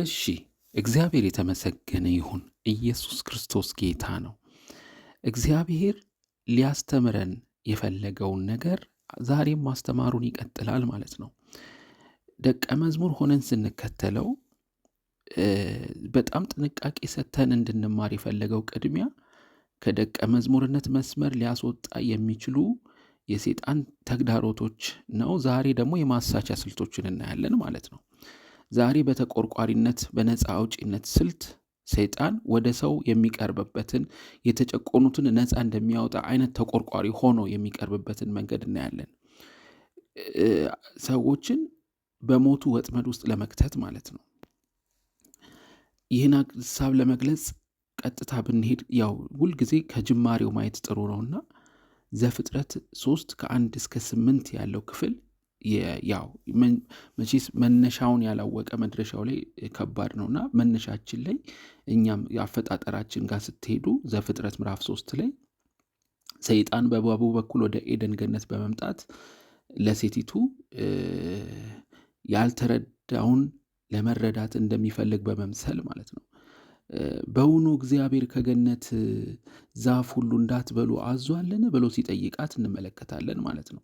እሺ እግዚአብሔር የተመሰገነ ይሁን። ኢየሱስ ክርስቶስ ጌታ ነው። እግዚአብሔር ሊያስተምረን የፈለገውን ነገር ዛሬም ማስተማሩን ይቀጥላል ማለት ነው። ደቀ መዝሙር ሆነን ስንከተለው በጣም ጥንቃቄ ሰጥተን እንድንማር የፈለገው ቅድሚያ ከደቀ መዝሙርነት መስመር ሊያስወጣ የሚችሉ የሴጣን ተግዳሮቶች ነው። ዛሬ ደግሞ የማሳቻ ስልቶችን እናያለን ማለት ነው። ዛሬ በተቆርቋሪነት በነፃ አውጪነት ስልት ሰይጣን ወደ ሰው የሚቀርብበትን የተጨቆኑትን ነፃ እንደሚያወጣ አይነት ተቆርቋሪ ሆኖ የሚቀርብበትን መንገድ እናያለን። ሰዎችን በሞቱ ወጥመድ ውስጥ ለመክተት ማለት ነው። ይህን ሀሳብ ለመግለጽ ቀጥታ ብንሄድ ያው ሁልጊዜ ከጅማሬው ማየት ጥሩ ነውና ዘፍጥረት ሶስት ከአንድ እስከ ስምንት ያለው ክፍል ያው መቼስ መነሻውን ያላወቀ መድረሻው ላይ ከባድ ነው እና መነሻችን ላይ እኛም አፈጣጠራችን ጋር ስትሄዱ ዘፍጥረት ምዕራፍ ሶስት ላይ ሰይጣን በእባቡ በኩል ወደ ኤደን ገነት በመምጣት ለሴቲቱ ያልተረዳውን ለመረዳት እንደሚፈልግ በመምሰል ማለት ነው በውኑ እግዚአብሔር ከገነት ዛፍ ሁሉ እንዳትበሉ አዟልን ብሎ ሲጠይቃት እንመለከታለን ማለት ነው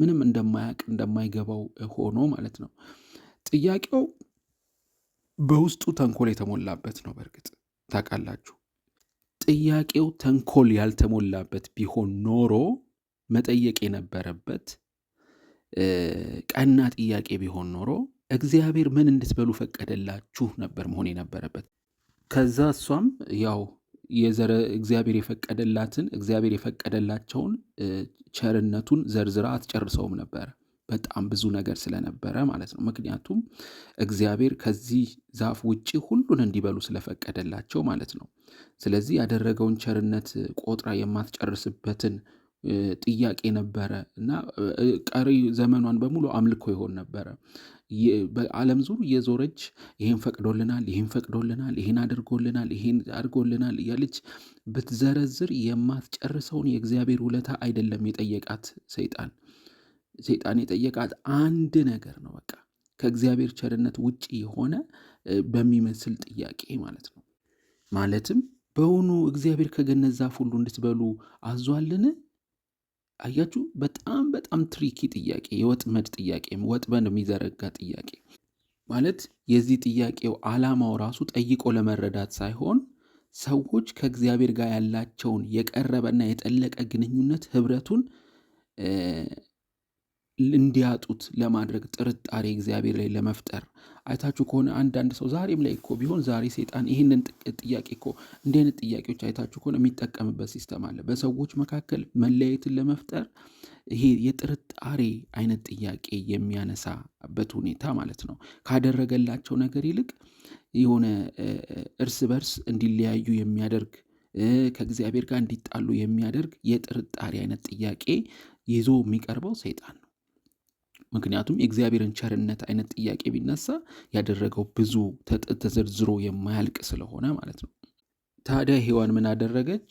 ምንም እንደማያውቅ እንደማይገባው ሆኖ ማለት ነው። ጥያቄው በውስጡ ተንኮል የተሞላበት ነው። በእርግጥ ታውቃላችሁ፣ ጥያቄው ተንኮል ያልተሞላበት ቢሆን ኖሮ መጠየቅ የነበረበት ቀና ጥያቄ ቢሆን ኖሮ እግዚአብሔር ምን እንድትበሉ ፈቀደላችሁ ነበር መሆን የነበረበት። ከዛ እሷም ያው የዘረ እግዚአብሔር የፈቀደላትን እግዚአብሔር የፈቀደላቸውን ቸርነቱን ዘርዝራ አትጨርሰውም ነበረ። በጣም ብዙ ነገር ስለነበረ ማለት ነው። ምክንያቱም እግዚአብሔር ከዚህ ዛፍ ውጪ ሁሉን እንዲበሉ ስለፈቀደላቸው ማለት ነው። ስለዚህ ያደረገውን ቸርነት ቆጥራ የማትጨርስበትን ጥያቄ ነበረ እና ቀሪ ዘመኗን በሙሉ አምልኮ ይሆን ነበረ። በዓለም ዙር እየዞረች ይሄን ፈቅዶልናል፣ ይሄን ፈቅዶልናል፣ ይሄን አድርጎልናል፣ ይሄን አድርጎልናል እያለች ብትዘረዝር የማትጨርሰውን የእግዚአብሔር ውለታ አይደለም የጠየቃት ሰይጣን። ሰይጣን የጠየቃት አንድ ነገር ነው፣ በቃ ከእግዚአብሔር ቸርነት ውጭ የሆነ በሚመስል ጥያቄ ማለት ነው። ማለትም በውኑ እግዚአብሔር ከገነት ዛፍ ሁሉ እንድትበሉ አዟልን? አያችሁ፣ በጣም በጣም ትሪኪ ጥያቄ፣ የወጥመድ ጥያቄ፣ ወጥመድ የሚዘረጋ ጥያቄ ማለት የዚህ ጥያቄው ዓላማው ራሱ ጠይቆ ለመረዳት ሳይሆን ሰዎች ከእግዚአብሔር ጋር ያላቸውን የቀረበና የጠለቀ ግንኙነት ህብረቱን እንዲያጡት ለማድረግ ጥርጣሬ እግዚአብሔር ላይ ለመፍጠር አይታችሁ ከሆነ አንዳንድ ሰው ዛሬም ላይ እኮ ቢሆን ዛሬ ሰይጣን ይህንን ጥያቄ እኮ እንዲህ አይነት ጥያቄዎች አይታችሁ ከሆነ የሚጠቀምበት ሲስተም አለ። በሰዎች መካከል መለያየትን ለመፍጠር ይሄ የጥርጣሬ አይነት ጥያቄ የሚያነሳበት ሁኔታ ማለት ነው። ካደረገላቸው ነገር ይልቅ የሆነ እርስ በርስ እንዲለያዩ የሚያደርግ ከእግዚአብሔር ጋር እንዲጣሉ የሚያደርግ የጥርጣሬ አይነት ጥያቄ ይዞ የሚቀርበው ሰይጣን ነው። ምክንያቱም የእግዚአብሔርን ቸርነት አይነት ጥያቄ ቢነሳ ያደረገው ብዙ ተዘርዝሮ የማያልቅ ስለሆነ ማለት ነው። ታዲያ ሔዋን ምን አደረገች?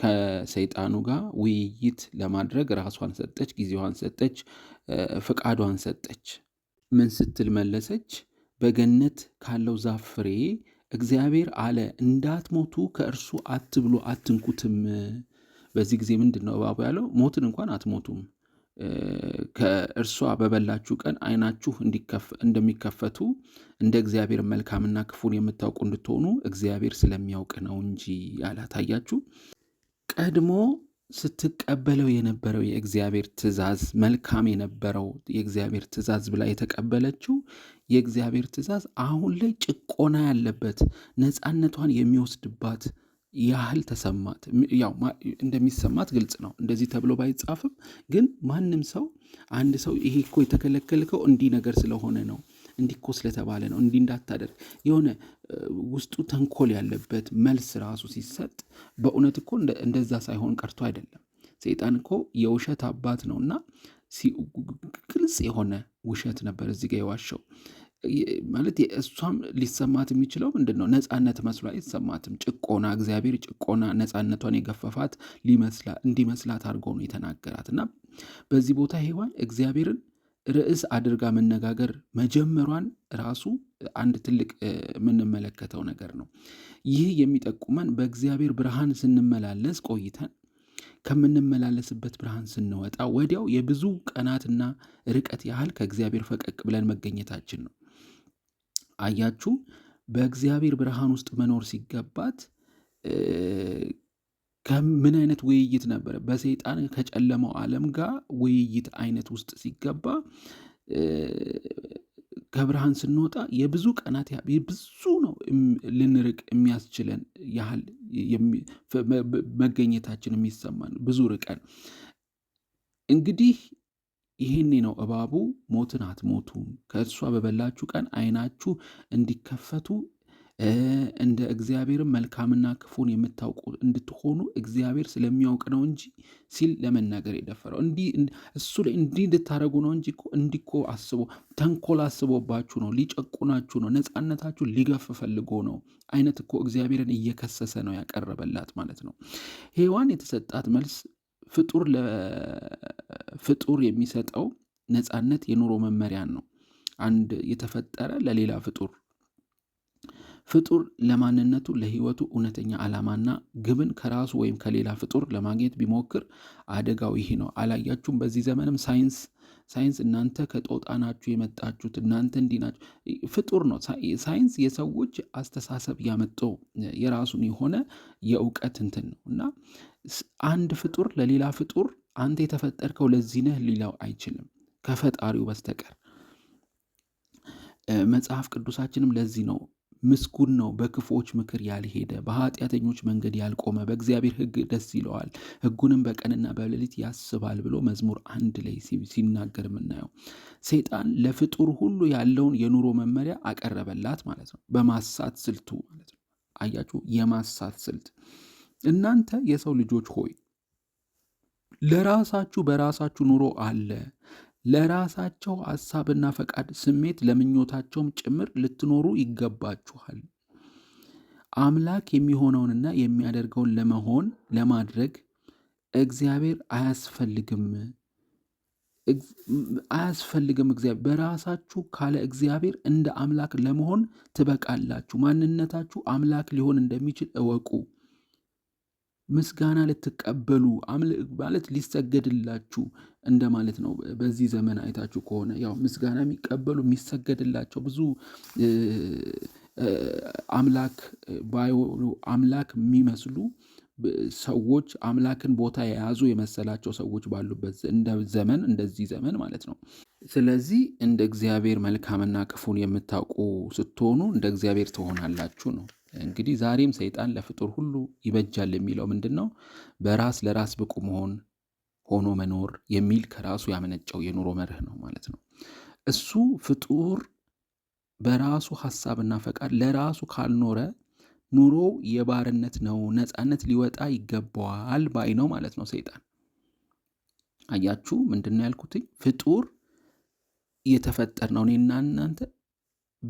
ከሰይጣኑ ጋር ውይይት ለማድረግ ራሷን ሰጠች፣ ጊዜዋን ሰጠች፣ ፈቃዷን ሰጠች። ምን ስትል መለሰች? በገነት ካለው ዛፍ ፍሬ እግዚአብሔር አለ እንዳትሞቱ ከእርሱ አትብሉ አትንኩትም። በዚህ ጊዜ ምንድን ነው እባቡ ያለው? ሞትን እንኳን አትሞቱም ከእርሷ በበላችሁ ቀን ዓይናችሁ እንደሚከፈቱ እንደ እግዚአብሔር መልካምና ክፉን የምታውቁ እንድትሆኑ እግዚአብሔር ስለሚያውቅ ነው እንጂ አላታያችሁ። ቀድሞ ስትቀበለው የነበረው የእግዚአብሔር ትእዛዝ መልካም የነበረው የእግዚአብሔር ትእዛዝ ብላ የተቀበለችው የእግዚአብሔር ትእዛዝ አሁን ላይ ጭቆና ያለበት ነፃነቷን የሚወስድባት ያህል ተሰማት። ያው እንደሚሰማት ግልጽ ነው፣ እንደዚህ ተብሎ ባይጻፍም ግን ማንም ሰው አንድ ሰው ይሄ እኮ የተከለከልከው እንዲህ ነገር ስለሆነ ነው እንዲህ እኮ ስለተባለ ነው እንዲህ እንዳታደርግ የሆነ ውስጡ ተንኮል ያለበት መልስ ራሱ ሲሰጥ በእውነት እኮ እንደዛ ሳይሆን ቀርቶ አይደለም። ሰይጣን እኮ የውሸት አባት ነውና ግልጽ የሆነ ውሸት ነበር እዚህ ጋ የዋሸው። ማለት እሷም ሊሰማት የሚችለው ምንድን ነው? ነፃነት መስሎ አይሰማትም። ጭቆና እግዚአብሔር ጭቆና ነፃነቷን የገፈፋት እንዲመስላት አድርጎ ነው የተናገራት እና በዚህ ቦታ ሔዋን እግዚአብሔርን ርዕስ አድርጋ መነጋገር መጀመሯን ራሱ አንድ ትልቅ የምንመለከተው ነገር ነው። ይህ የሚጠቁመን በእግዚአብሔር ብርሃን ስንመላለስ ቆይተን ከምንመላለስበት ብርሃን ስንወጣ ወዲያው የብዙ ቀናትና ርቀት ያህል ከእግዚአብሔር ፈቀቅ ብለን መገኘታችን ነው። አያችሁ፣ በእግዚአብሔር ብርሃን ውስጥ መኖር ሲገባት ከምን አይነት ውይይት ነበረ? በሰይጣን ከጨለመው ዓለም ጋር ውይይት አይነት ውስጥ ሲገባ ከብርሃን ስንወጣ የብዙ ቀናት ብዙ ነው ልንርቅ የሚያስችለን ያህል መገኘታችን የሚሰማን ብዙ ርቀን እንግዲህ ይሄኔ ነው እባቡ ሞትን አትሞቱም፣ ከእርሷ በበላችሁ ቀን አይናችሁ እንዲከፈቱ እንደ እግዚአብሔርም መልካምና ክፉን የምታውቁ እንድትሆኑ እግዚአብሔር ስለሚያውቅ ነው እንጂ ሲል ለመናገር የደፈረው እሱ ላይ እንዲህ እንድታደረጉ ነው እንጂ እንዲኮ አስቦ ተንኮል አስቦባችሁ ነው፣ ሊጨቁናችሁ ነው፣ ነፃነታችሁ ሊገፍ ፈልጎ ነው አይነት እኮ እግዚአብሔርን እየከሰሰ ነው ያቀረበላት ማለት ነው። ሔዋን የተሰጣት መልስ ፍጡር ለፍጡር የሚሰጠው ነፃነት የኑሮ መመሪያን ነው። አንድ የተፈጠረ ለሌላ ፍጡር ፍጡር ለማንነቱ ለህይወቱ እውነተኛ ዓላማና ግብን ከራሱ ወይም ከሌላ ፍጡር ለማግኘት ቢሞክር አደጋው ይሄ ነው። አላያችሁም? በዚህ ዘመንም ሳይንስ ሳይንስ እናንተ ከጦጣ ናችሁ የመጣችሁት እናንተ እንዲህ ናችሁ ፍጡር ነው። ሳይንስ የሰዎች አስተሳሰብ ያመጣው የራሱን የሆነ የእውቀት እንትን ነው እና አንድ ፍጡር ለሌላ ፍጡር አንተ የተፈጠርከው ለዚህ ነህ ሊለው አይችልም ከፈጣሪው በስተቀር። መጽሐፍ ቅዱሳችንም ለዚህ ነው ምስጉን ነው፣ በክፉዎች ምክር ያልሄደ፣ በኃጢአተኞች መንገድ ያልቆመ፣ በእግዚአብሔር ሕግ ደስ ይለዋል፣ ሕጉንም በቀንና በሌሊት ያስባል ብሎ መዝሙር አንድ ላይ ሲናገር የምናየው ሰይጣን ለፍጡር ሁሉ ያለውን የኑሮ መመሪያ አቀረበላት ማለት ነው። በማሳት ስልቱ ማለት ነው። አያችሁ፣ የማሳት ስልት። እናንተ የሰው ልጆች ሆይ ለራሳችሁ በራሳችሁ ኑሮ አለ ለራሳቸው ሐሳብና ፈቃድ፣ ስሜት፣ ለምኞታቸውም ጭምር ልትኖሩ ይገባችኋል። አምላክ የሚሆነውንና የሚያደርገውን ለመሆን ለማድረግ እግዚአብሔር አያስፈልግም አያስፈልግም እግዚአብሔር በራሳችሁ ካለ እግዚአብሔር እንደ አምላክ ለመሆን ትበቃላችሁ። ማንነታችሁ አምላክ ሊሆን እንደሚችል እወቁ። ምስጋና ልትቀበሉ ማለት ሊሰገድላችሁ እንደማለት ነው። በዚህ ዘመን አይታችሁ ከሆነ ያው ምስጋና የሚቀበሉ የሚሰገድላቸው ብዙ አምላክ ባይሆኑ አምላክ የሚመስሉ ሰዎች አምላክን ቦታ የያዙ የመሰላቸው ሰዎች ባሉበት እንደ ዘመን እንደዚህ ዘመን ማለት ነው። ስለዚህ እንደ እግዚአብሔር መልካምና ክፉን የምታውቁ ስትሆኑ እንደ እግዚአብሔር ትሆናላችሁ ነው። እንግዲህ ዛሬም ሰይጣን ለፍጡር ሁሉ ይበጃል የሚለው ምንድን ነው? በራስ ለራስ ብቁ መሆን ሆኖ መኖር የሚል ከራሱ ያመነጨው የኑሮ መርህ ነው ማለት ነው። እሱ ፍጡር በራሱ ሀሳብና ፈቃድ ለራሱ ካልኖረ ኑሮ የባርነት ነው፣ ነፃነት ሊወጣ ይገባዋል ባይ ነው ማለት ነው ሰይጣን። አያችሁ ምንድን ነው ያልኩትኝ? ፍጡር ነው እኔና እናንተ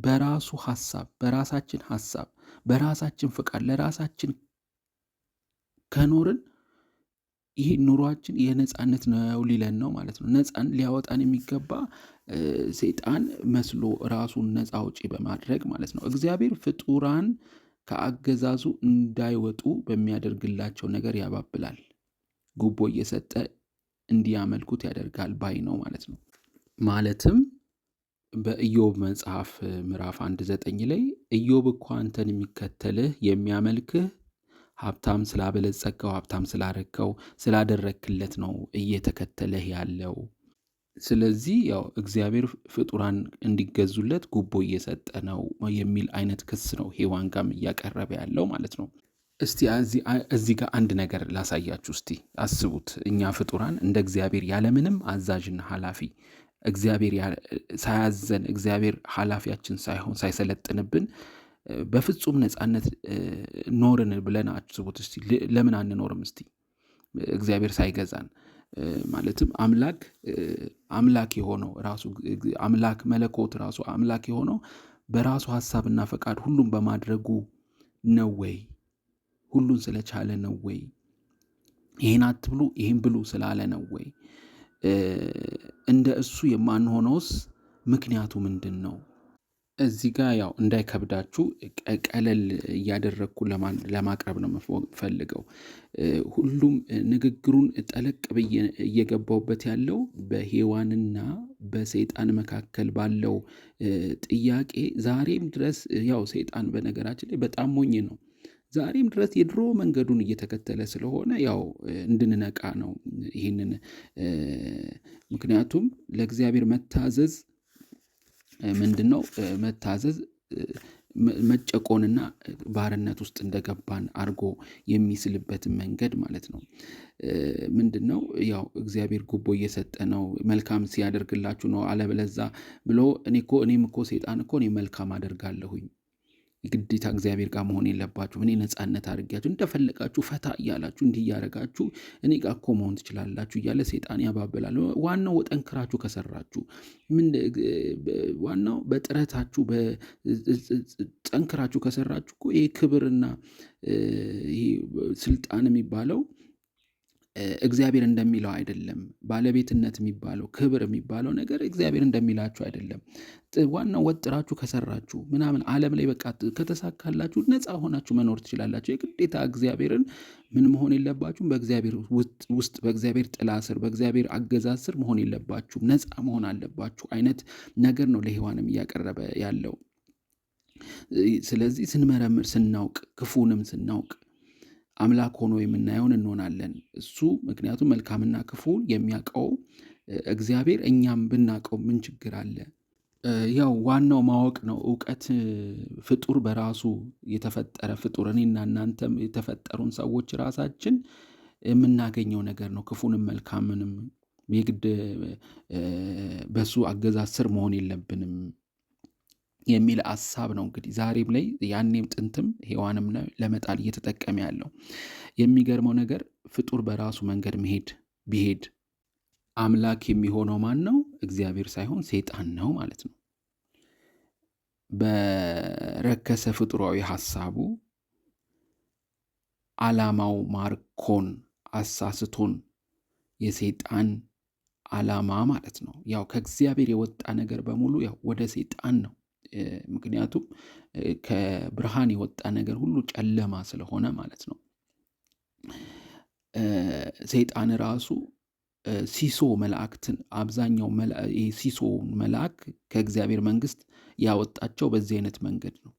በራሱ ሀሳብ በራሳችን ሀሳብ በራሳችን ፍቃድ ለራሳችን ከኖርን ይህ ኑሯችን የነፃነት ነው ሊለን ነው ማለት ነው። ነፃን ሊያወጣን የሚገባ ሰይጣን መስሎ ራሱን ነፃ አውጪ በማድረግ ማለት ነው። እግዚአብሔር ፍጡራን ከአገዛዙ እንዳይወጡ በሚያደርግላቸው ነገር ያባብላል። ጉቦ እየሰጠ እንዲያመልኩት ያደርጋል ባይ ነው ማለት ነው። ማለትም በኢዮብ መጽሐፍ ምዕራፍ አንድ ዘጠኝ ላይ ኢዮብ እኮ አንተን የሚከተልህ የሚያመልክህ ሀብታም ስላበለጸከው ሀብታም ስላረከው ስላደረክለት ነው እየተከተለህ ያለው። ስለዚህ ያው እግዚአብሔር ፍጡራን እንዲገዙለት ጉቦ እየሰጠ ነው የሚል አይነት ክስ ነው ሔዋን ጋም እያቀረበ ያለው ማለት ነው። እስቲ እዚህ ጋር አንድ ነገር ላሳያችሁ። እስቲ አስቡት፣ እኛ ፍጡራን እንደ እግዚአብሔር ያለምንም አዛዥና ኃላፊ እግዚአብሔር ሳያዘን እግዚአብሔር ኃላፊያችን ሳይሆን ሳይሰለጥንብን በፍጹም ነፃነት ኖርን ብለን አስቡት እስቲ። ለምን አንኖርም እስቲ? እግዚአብሔር ሳይገዛን ማለትም አምላክ አምላክ የሆነው ራሱ አምላክ መለኮት ራሱ አምላክ የሆነው በራሱ ሀሳብና ፈቃድ ሁሉን በማድረጉ ነው ወይ? ሁሉን ስለቻለ ነው ወይ? ይህን አትብሉ ይህን ብሉ ስላለ ነው ወይ? እንደ እሱ የማንሆነውስ ምክንያቱ ምንድን ነው? እዚህ ጋ ያው እንዳይከብዳችሁ ቀለል እያደረግኩ ለማቅረብ ነው የምፈልገው። ሁሉም ንግግሩን ጠለቅ ብዬ እየገባውበት ያለው በሔዋንና በሰይጣን መካከል ባለው ጥያቄ ዛሬም ድረስ ያው ሰይጣን በነገራችን ላይ በጣም ሞኝ ነው። ዛሬም ድረስ የድሮ መንገዱን እየተከተለ ስለሆነ ያው እንድንነቃ ነው ይህንን። ምክንያቱም ለእግዚአብሔር መታዘዝ ምንድን ነው? መታዘዝ መጨቆንና ባርነት ውስጥ እንደገባን አድርጎ የሚስልበትን መንገድ ማለት ነው። ምንድን ነው ያው እግዚአብሔር ጉቦ እየሰጠ ነው፣ መልካም ሲያደርግላችሁ ነው አለበለዛ ብሎ እኔ እኮ እኔም እኮ ሴጣን እኮ እኔ መልካም አደርጋለሁኝ የግዴታ እግዚአብሔር ጋር መሆን የለባችሁ። እኔ ነፃነት አድርጊያችሁ እንደፈለጋችሁ ፈታ እያላችሁ እንዲህ እያደረጋችሁ እኔ ጋር እኮ መሆን ትችላላችሁ እያለ ሴጣን ያባብላል። ዋናው ጠንክራችሁ ከሰራችሁ ምን ዋናው በጥረታችሁ ጠንክራችሁ ከሰራችሁ እኮ ይሄ ክብርና ስልጣን የሚባለው እግዚአብሔር እንደሚለው አይደለም። ባለቤትነት የሚባለው ክብር የሚባለው ነገር እግዚአብሔር እንደሚላችሁ አይደለም። ዋናው ወጥራችሁ ከሰራችሁ ምናምን ዓለም ላይ በቃ ከተሳካላችሁ ነፃ ሆናችሁ መኖር ትችላላችሁ። የግዴታ እግዚአብሔርን ምን መሆን የለባችሁም። በእግዚአብሔር ውስጥ በእግዚአብሔር ጥላ ስር በእግዚአብሔር አገዛዝ ስር መሆን የለባችሁም። ነፃ መሆን አለባችሁ አይነት ነገር ነው ለሔዋንም እያቀረበ ያለው። ስለዚህ ስንመረምር ስናውቅ ክፉንም ስናውቅ አምላክ ሆኖ የምናየውን እንሆናለን። እሱ ምክንያቱም መልካምና ክፉን የሚያውቀው እግዚአብሔር እኛም ብናውቀው ምን ችግር አለ? ያው ዋናው ማወቅ ነው። እውቀት ፍጡር በራሱ የተፈጠረ ፍጡር፣ እኔና እናንተም የተፈጠሩን ሰዎች ራሳችን የምናገኘው ነገር ነው። ክፉንም መልካምንም የግድ በሱ አገዛዝ ስር መሆን የለብንም። የሚል አሳብ ነው እንግዲህ ዛሬም ላይ ያኔም ጥንትም ሔዋንም ለመጣል እየተጠቀመ ያለው። የሚገርመው ነገር ፍጡር በራሱ መንገድ መሄድ ቢሄድ አምላክ የሚሆነው ማን ነው? እግዚአብሔር ሳይሆን ሴጣን ነው ማለት ነው። በረከሰ ፍጡራዊ ሀሳቡ አላማው ማርኮን አሳስቶን የሴጣን አላማ ማለት ነው። ያው ከእግዚአብሔር የወጣ ነገር በሙሉ ያው ወደ ሴጣን ነው ምክንያቱም ከብርሃን የወጣ ነገር ሁሉ ጨለማ ስለሆነ ማለት ነው። ሰይጣን ራሱ ሲሶ መላእክትን አብዛኛው ሲሶ መልአክ ከእግዚአብሔር መንግስት ያወጣቸው በዚህ አይነት መንገድ ነው።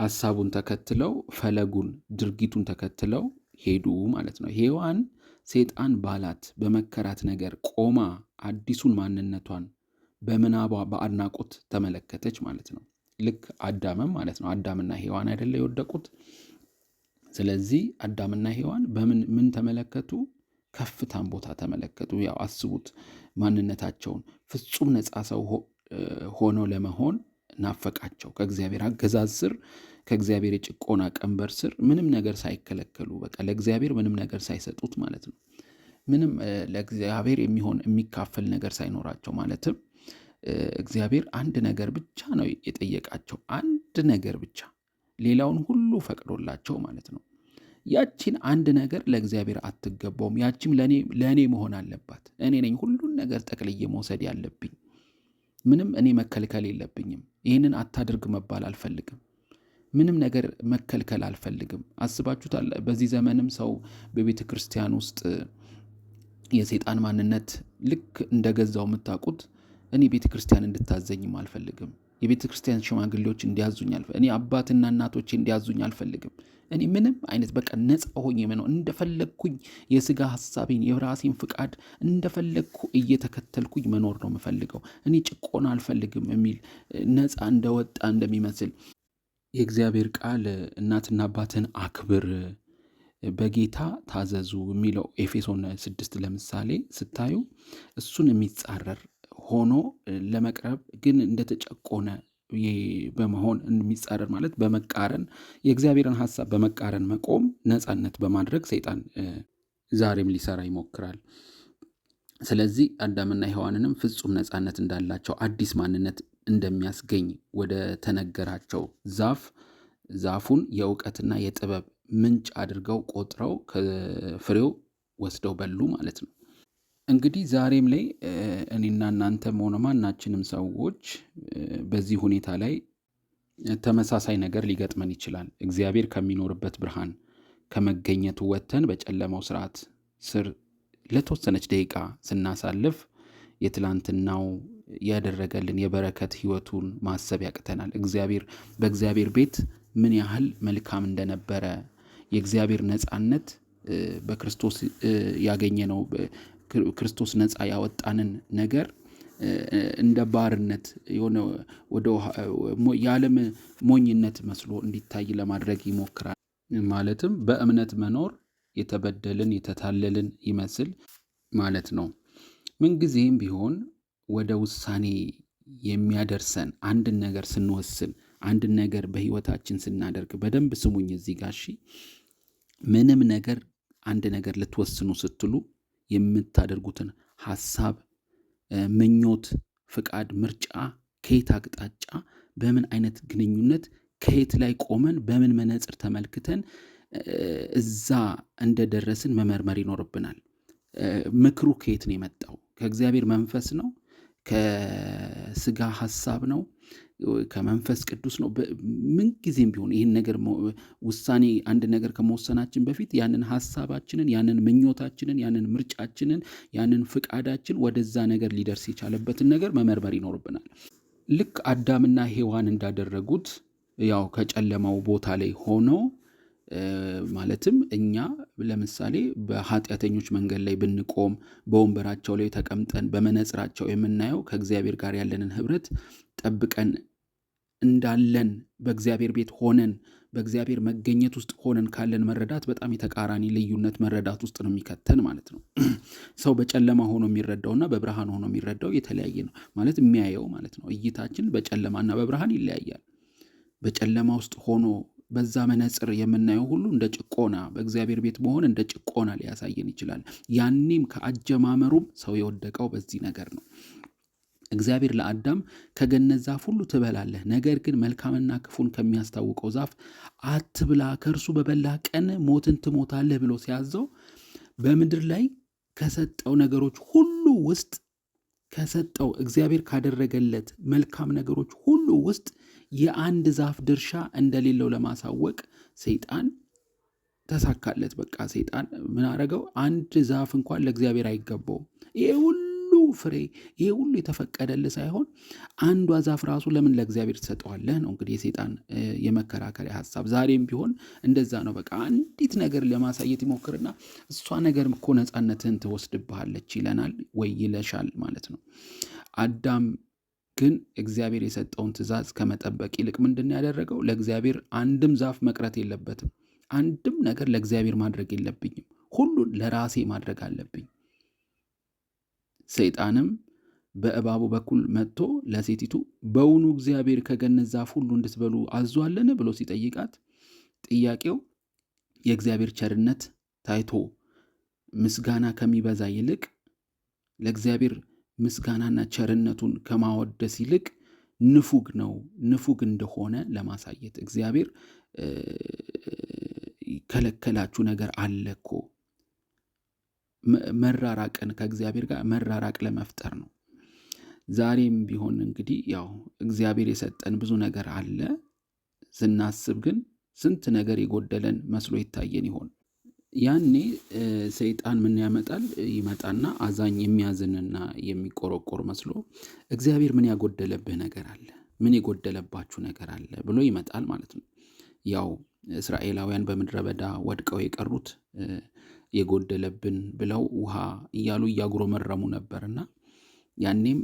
ሀሳቡን ተከትለው ፈለጉን፣ ድርጊቱን ተከትለው ሄዱ ማለት ነው። ሔዋን ሴጣን ባላት በመከራት ነገር ቆማ አዲሱን ማንነቷን በምናቧ በአድናቆት ተመለከተች ማለት ነው። ልክ አዳምም ማለት ነው። አዳምና ሔዋን አይደለ የወደቁት። ስለዚህ አዳምና ሔዋን በምን ምን ተመለከቱ? ከፍታን ቦታ ተመለከቱ። ያው አስቡት ማንነታቸውን ፍጹም ነፃ ሰው ሆኖ ለመሆን ናፈቃቸው። ከእግዚአብሔር አገዛዝ ስር ከእግዚአብሔር የጭቆና ቀንበር ስር ምንም ነገር ሳይከለከሉ በቃ ለእግዚአብሔር ምንም ነገር ሳይሰጡት ማለት ነው። ምንም ለእግዚአብሔር የሚሆን የሚካፈል ነገር ሳይኖራቸው ማለትም እግዚአብሔር አንድ ነገር ብቻ ነው የጠየቃቸው። አንድ ነገር ብቻ፣ ሌላውን ሁሉ ፈቅዶላቸው ማለት ነው። ያቺን አንድ ነገር ለእግዚአብሔር አትገባውም። ያቺም ለእኔ መሆን አለባት። እኔ ነኝ ሁሉን ነገር ጠቅልዬ መውሰድ ያለብኝ። ምንም እኔ መከልከል የለብኝም። ይህንን አታድርግ መባል አልፈልግም። ምንም ነገር መከልከል አልፈልግም። አስባችሁታል? በዚህ ዘመንም ሰው በቤተ ክርስቲያን ውስጥ የሰይጣን ማንነት ልክ እንደገዛው የምታውቁት እኔ ቤተ ክርስቲያን እንድታዘኝም አልፈልግም። የቤተ ክርስቲያን ሽማግሌዎች እንዲያዙኝ አልፈ እኔ አባትና እናቶቼ እንዲያዙኝ አልፈልግም። እኔ ምንም አይነት በቃ ነፃ ሆኜ የምነው እንደፈለግኩኝ የስጋ ሀሳቤን የራሴን ፍቃድ እንደፈለግኩ እየተከተልኩኝ መኖር ነው የምፈልገው። እኔ ጭቆና አልፈልግም የሚል ነፃ እንደወጣ እንደሚመስል የእግዚአብሔር ቃል እናትና አባትን አክብር በጌታ ታዘዙ የሚለው ኤፌሶን ስድስት ለምሳሌ ስታዩ እሱን የሚጻረር ሆኖ ለመቅረብ ግን እንደተጨቆነ በመሆን የሚጻረር ማለት በመቃረን የእግዚአብሔርን ሀሳብ በመቃረን መቆም ነፃነት በማድረግ ሰይጣን ዛሬም ሊሰራ ይሞክራል። ስለዚህ አዳምና ሔዋንንም ፍጹም ነፃነት እንዳላቸው አዲስ ማንነት እንደሚያስገኝ ወደ ተነገራቸው ዛፍ ዛፉን የእውቀትና የጥበብ ምንጭ አድርገው ቆጥረው ከፍሬው ወስደው በሉ ማለት ነው። እንግዲህ ዛሬም ላይ እኔና እናንተም ሆነ ማናችንም ሰዎች በዚህ ሁኔታ ላይ ተመሳሳይ ነገር ሊገጥመን ይችላል። እግዚአብሔር ከሚኖርበት ብርሃን ከመገኘቱ ወጥተን በጨለማው ስርዓት ስር ለተወሰነች ደቂቃ ስናሳልፍ የትላንትናው ያደረገልን የበረከት ህይወቱን ማሰብ ያቅተናል። እግዚአብሔር በእግዚአብሔር ቤት ምን ያህል መልካም እንደነበረ የእግዚአብሔር ነፃነት በክርስቶስ ያገኘ ነው። ክርስቶስ ነፃ ያወጣንን ነገር እንደ ባርነት የሆነ ወደ የዓለም ሞኝነት መስሎ እንዲታይ ለማድረግ ይሞክራል። ማለትም በእምነት መኖር የተበደልን የተታለልን ይመስል ማለት ነው። ምንጊዜም ቢሆን ወደ ውሳኔ የሚያደርሰን አንድን ነገር ስንወስን፣ አንድን ነገር በህይወታችን ስናደርግ፣ በደንብ ስሙኝ እዚህ ጋ እሺ። ምንም ነገር አንድ ነገር ልትወስኑ ስትሉ የምታደርጉትን ሀሳብ፣ ምኞት፣ ፍቃድ፣ ምርጫ ከየት አቅጣጫ በምን አይነት ግንኙነት ከየት ላይ ቆመን በምን መነጽር ተመልክተን እዛ እንደደረስን መመርመር ይኖርብናል። ምክሩ ከየት ነው የመጣው? ከእግዚአብሔር መንፈስ ነው? ከስጋ ሀሳብ ነው? ከመንፈስ ቅዱስ ነው። ምን ጊዜም ቢሆን ይህን ነገር ውሳኔ አንድ ነገር ከመወሰናችን በፊት ያንን ሀሳባችንን፣ ያንን ምኞታችንን፣ ያንን ምርጫችንን፣ ያንን ፍቃዳችን ወደዛ ነገር ሊደርስ የቻለበትን ነገር መመርመር ይኖርብናል። ልክ አዳምና ሔዋን እንዳደረጉት ያው ከጨለማው ቦታ ላይ ሆነው ማለትም እኛ ለምሳሌ በኃጢአተኞች መንገድ ላይ ብንቆም በወንበራቸው ላይ ተቀምጠን በመነጽራቸው የምናየው ከእግዚአብሔር ጋር ያለንን ህብረት ጠብቀን እንዳለን በእግዚአብሔር ቤት ሆነን በእግዚአብሔር መገኘት ውስጥ ሆነን ካለን መረዳት በጣም የተቃራኒ ልዩነት መረዳት ውስጥ ነው የሚከተን ማለት ነው። ሰው በጨለማ ሆኖ የሚረዳውና በብርሃን ሆኖ የሚረዳው የተለያየ ነው ማለት የሚያየው ማለት ነው። እይታችን በጨለማና በብርሃን ይለያያል። በጨለማ ውስጥ ሆኖ በዛ መነጽር የምናየው ሁሉ እንደ ጭቆና በእግዚአብሔር ቤት መሆን እንደ ጭቆና ሊያሳየን ይችላል። ያኔም ከአጀማመሩም ሰው የወደቀው በዚህ ነገር ነው። እግዚአብሔር ለአዳም ከገነት ዛፍ ሁሉ ትበላለህ፣ ነገር ግን መልካምና ክፉን ከሚያስታውቀው ዛፍ አትብላ፣ ከእርሱ በበላህ ቀን ሞትን ትሞታለህ ብሎ ሲያዘው በምድር ላይ ከሰጠው ነገሮች ሁሉ ውስጥ ከሰጠው እግዚአብሔር ካደረገለት መልካም ነገሮች ሁሉ ውስጥ የአንድ ዛፍ ድርሻ እንደሌለው ለማሳወቅ ሰይጣን ተሳካለት። በቃ ሰይጣን ምን አረገው? አንድ ዛፍ እንኳን ለእግዚአብሔር አይገባውም። ይሄ ሁሉ ፍሬ ይሄ ሁሉ የተፈቀደልህ ሳይሆን አንዷ ዛፍ ራሱ ለምን ለእግዚአብሔር ትሰጠዋለህ ነው እንግዲህ የሴጣን የመከራከሪያ ሀሳብ። ዛሬም ቢሆን እንደዛ ነው። በቃ አንዲት ነገር ለማሳየት ይሞክርና እሷ ነገር እኮ ነፃነትህን ትወስድብሃለች ይለናል ወይ ይለሻል ማለት ነው። አዳም ግን እግዚአብሔር የሰጠውን ትእዛዝ ከመጠበቅ ይልቅ ምንድን ያደረገው? ለእግዚአብሔር አንድም ዛፍ መቅረት የለበትም። አንድም ነገር ለእግዚአብሔር ማድረግ የለብኝም፣ ሁሉን ለራሴ ማድረግ አለብኝ ሰይጣንም በእባቡ በኩል መጥቶ ለሴቲቱ በውኑ እግዚአብሔር ከገነት ዛፍ ሁሉ እንድትበሉ አዟለን ብሎ ሲጠይቃት ጥያቄው የእግዚአብሔር ቸርነት ታይቶ ምስጋና ከሚበዛ ይልቅ ለእግዚአብሔር ምስጋናና ቸርነቱን ከማወደስ ይልቅ ንፉግ ነው ንፉግ እንደሆነ ለማሳየት እግዚአብሔር ከለከላችሁ ነገር አለ መራራቅን ከእግዚአብሔር ጋር መራራቅ ለመፍጠር ነው። ዛሬም ቢሆን እንግዲህ ያው እግዚአብሔር የሰጠን ብዙ ነገር አለ። ስናስብ ግን ስንት ነገር የጎደለን መስሎ ይታየን ይሆን? ያኔ ሰይጣን ምን ያመጣል? ይመጣና አዛኝ የሚያዝንና የሚቆረቆር መስሎ እግዚአብሔር ምን ያጎደለብህ ነገር አለ፣ ምን የጎደለባችሁ ነገር አለ ብሎ ይመጣል ማለት ነው። ያው እስራኤላውያን በምድረ በዳ ወድቀው የቀሩት የጎደለብን ብለው ውሃ እያሉ እያጉረመረሙ ነበር እና ያኔም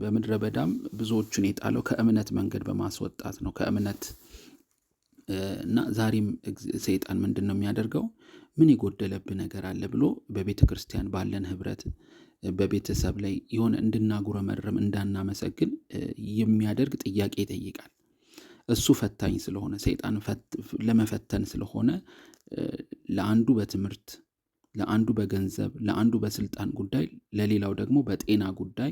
በምድረ በዳም ብዙዎቹን የጣለው ከእምነት መንገድ በማስወጣት ነው። ከእምነት እና ዛሬም ሰይጣን ምንድን ነው የሚያደርገው? ምን የጎደለብን ነገር አለ ብሎ በቤተ ክርስቲያን ባለን ህብረት በቤተሰብ ላይ የሆነ እንድናጉረመርም እንዳናመሰግን የሚያደርግ ጥያቄ ይጠይቃል። እሱ ፈታኝ ስለሆነ ሰይጣን ለመፈተን ስለሆነ ለአንዱ በትምህርት ለአንዱ በገንዘብ ለአንዱ በስልጣን ጉዳይ፣ ለሌላው ደግሞ በጤና ጉዳይ፣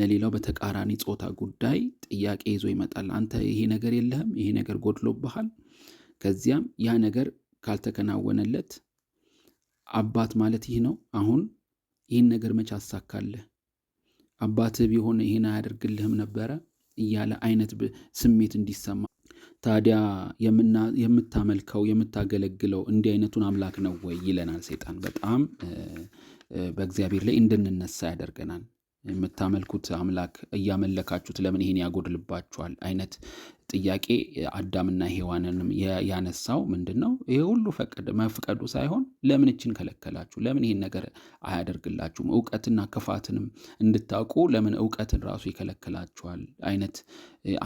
ለሌላው በተቃራኒ ጾታ ጉዳይ ጥያቄ ይዞ ይመጣል። አንተ ይሄ ነገር የለህም፣ ይሄ ነገር ጎድሎብሃል። ከዚያም ያ ነገር ካልተከናወነለት አባት ማለት ይህ ነው። አሁን ይህን ነገር መቼ አሳካለህ? አባትህ ቢሆን ይህን አያደርግልህም ነበረ እያለ አይነት ስሜት እንዲሰማ ታዲያ የምታመልከው የምታገለግለው እንዲህ አይነቱን አምላክ ነው ወይ ይለናል ሰይጣን። በጣም በእግዚአብሔር ላይ እንድንነሳ ያደርገናል። የምታመልኩት አምላክ እያመለካችሁት ለምን ይሄን ያጎድልባችኋል አይነት ጥያቄ አዳምና ሔዋንንም ያነሳው ምንድን ነው? ይሄ ሁሉ መፍቀዱ ሳይሆን ለምን እችን ከለከላችሁ? ለምን ይህን ነገር አያደርግላችሁም? እውቀትና ክፋትንም እንድታውቁ ለምን እውቀትን ራሱ ይከለክላችኋል? አይነት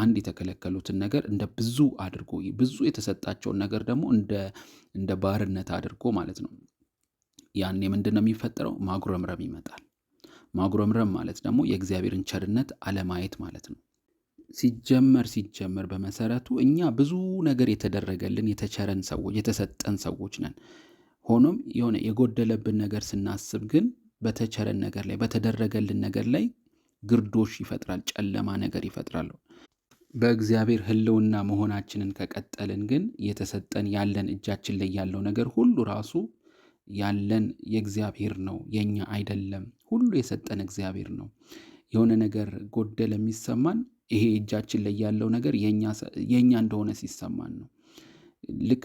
አንድ የተከለከሉትን ነገር እንደ ብዙ አድርጎ ብዙ የተሰጣቸውን ነገር ደግሞ እንደ ባርነት አድርጎ ማለት ነው። ያኔ ምንድን ነው የሚፈጠረው? ማጉረምረም ይመጣል። ማጉረምረም ማለት ደግሞ የእግዚአብሔርን ቸርነት አለማየት ማለት ነው። ሲጀመር ሲጀመር በመሰረቱ እኛ ብዙ ነገር የተደረገልን የተቸረን ሰዎች የተሰጠን ሰዎች ነን። ሆኖም የሆነ የጎደለብን ነገር ስናስብ ግን በተቸረን ነገር ላይ በተደረገልን ነገር ላይ ግርዶሽ ይፈጥራል፣ ጨለማ ነገር ይፈጥራል። በእግዚአብሔር ሕልውና መሆናችንን ከቀጠልን ግን የተሰጠን ያለን እጃችን ላይ ያለው ነገር ሁሉ ራሱ ያለን የእግዚአብሔር ነው፣ የእኛ አይደለም። ሁሉ የሰጠን እግዚአብሔር ነው። የሆነ ነገር ጎደለ የሚሰማን ይሄ እጃችን ላይ ያለው ነገር የእኛ እንደሆነ ሲሰማን ነው። ልክ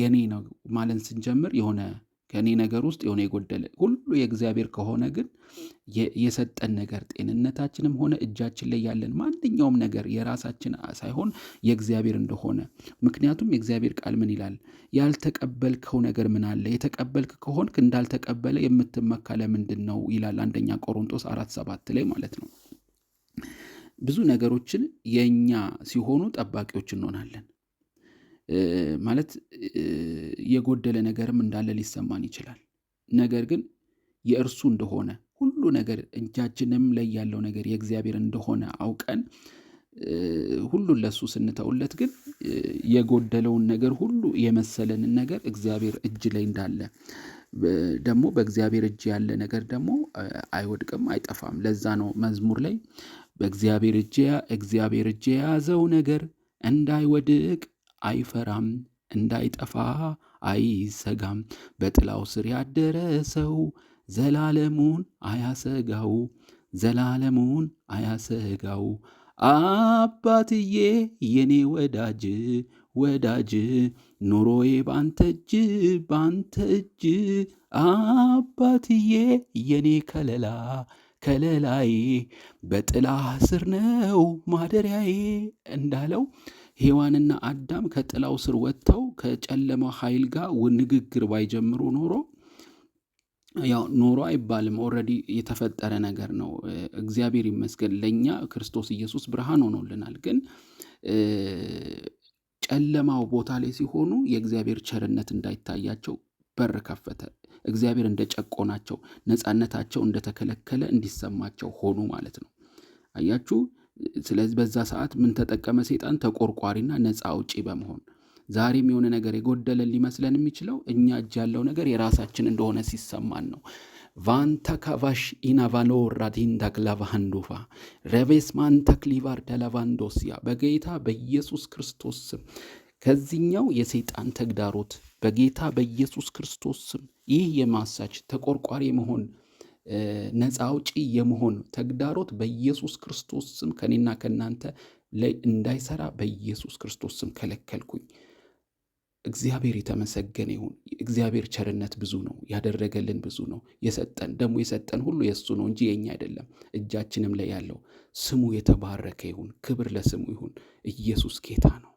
የኔ ነው ማለን ስንጀምር የሆነ ከእኔ ነገር ውስጥ የሆነ የጎደለ ሁሉ የእግዚአብሔር ከሆነ ግን የሰጠን ነገር ጤንነታችንም ሆነ እጃችን ላይ ያለን ማንኛውም ነገር የራሳችን ሳይሆን የእግዚአብሔር እንደሆነ ምክንያቱም የእግዚአብሔር ቃል ምን ይላል? ያልተቀበልከው ነገር ምን አለ? የተቀበልክ ከሆንክ እንዳልተቀበለ የምትመካ ለምንድን ነው ይላል። አንደኛ ቆሮንቶስ አራት ሰባት ላይ ማለት ነው። ብዙ ነገሮችን የእኛ ሲሆኑ ጠባቂዎች እንሆናለን። ማለት የጎደለ ነገርም እንዳለ ሊሰማን ይችላል። ነገር ግን የእርሱ እንደሆነ ሁሉ ነገር እጃችንም ላይ ያለው ነገር የእግዚአብሔር እንደሆነ አውቀን ሁሉን ለእሱ ስንተውለት ግን የጎደለውን ነገር ሁሉ የመሰለንን ነገር እግዚአብሔር እጅ ላይ እንዳለ ደግሞ በእግዚአብሔር እጅ ያለ ነገር ደግሞ አይወድቅም፣ አይጠፋም። ለዛ ነው መዝሙር ላይ በእግዚአብሔር እጅ እግዚአብሔር እጅ የያዘው ነገር እንዳይወድቅ አይፈራም፣ እንዳይጠፋ አይሰጋም። በጥላው ስር ያደረ ሰው ዘላለሙን አያሰጋው፣ ዘላለሙን አያሰጋው። አባትዬ የኔ ወዳጅ ወዳጅ ኑሮዬ ባንተ እጅ ባንተ እጅ አባትዬ የኔ ከለላ ከለላይ በጥላ ስር ነው ማደሪያዬ እንዳለው ሔዋንና አዳም ከጥላው ስር ወጥተው ከጨለማ ኃይል ጋር ንግግር ባይጀምሩ ኖሮ ያው ኖሮ አይባልም። ኦልሬዲ የተፈጠረ ነገር ነው። እግዚአብሔር ይመስገን ለእኛ ክርስቶስ ኢየሱስ ብርሃን ሆኖልናል። ግን ጨለማው ቦታ ላይ ሲሆኑ የእግዚአብሔር ቸርነት እንዳይታያቸው በር ከፈተ። እግዚአብሔር እንደጨቆናቸው ነፃነታቸው እንደተከለከለ እንዲሰማቸው ሆኑ ማለት ነው። አያችሁ። ስለዚህ በዛ ሰዓት ምን ተጠቀመ ሰይጣን? ተቆርቋሪና ነፃ አውጪ በመሆን ዛሬም የሆነ ነገር የጎደለን ሊመስለን የሚችለው እኛ እጅ ያለው ነገር የራሳችን እንደሆነ ሲሰማን ነው። ቫንተካቫሽ ካቫሽ ኢናቫሎ ራዲንዳ ረቬስ ማንተክሊቫር ደላቫንዶሲያ በጌታ በኢየሱስ ክርስቶስ ስም ከዚህኛው የሰይጣን ተግዳሮት በጌታ በኢየሱስ ክርስቶስ ስም ይህ የማሳች ተቆርቋሪ መሆን ነፃ አውጪ የመሆን ተግዳሮት በኢየሱስ ክርስቶስ ስም ከኔና ከእናንተ ላይ እንዳይሰራ በኢየሱስ ክርስቶስ ስም ከለከልኩኝ። እግዚአብሔር የተመሰገነ ይሁን። እግዚአብሔር ቸርነት ብዙ ነው፣ ያደረገልን ብዙ ነው። የሰጠን ደግሞ የሰጠን ሁሉ የእሱ ነው እንጂ የኛ አይደለም። እጃችንም ላይ ያለው ስሙ የተባረከ ይሁን። ክብር ለስሙ ይሁን። ኢየሱስ ጌታ ነው።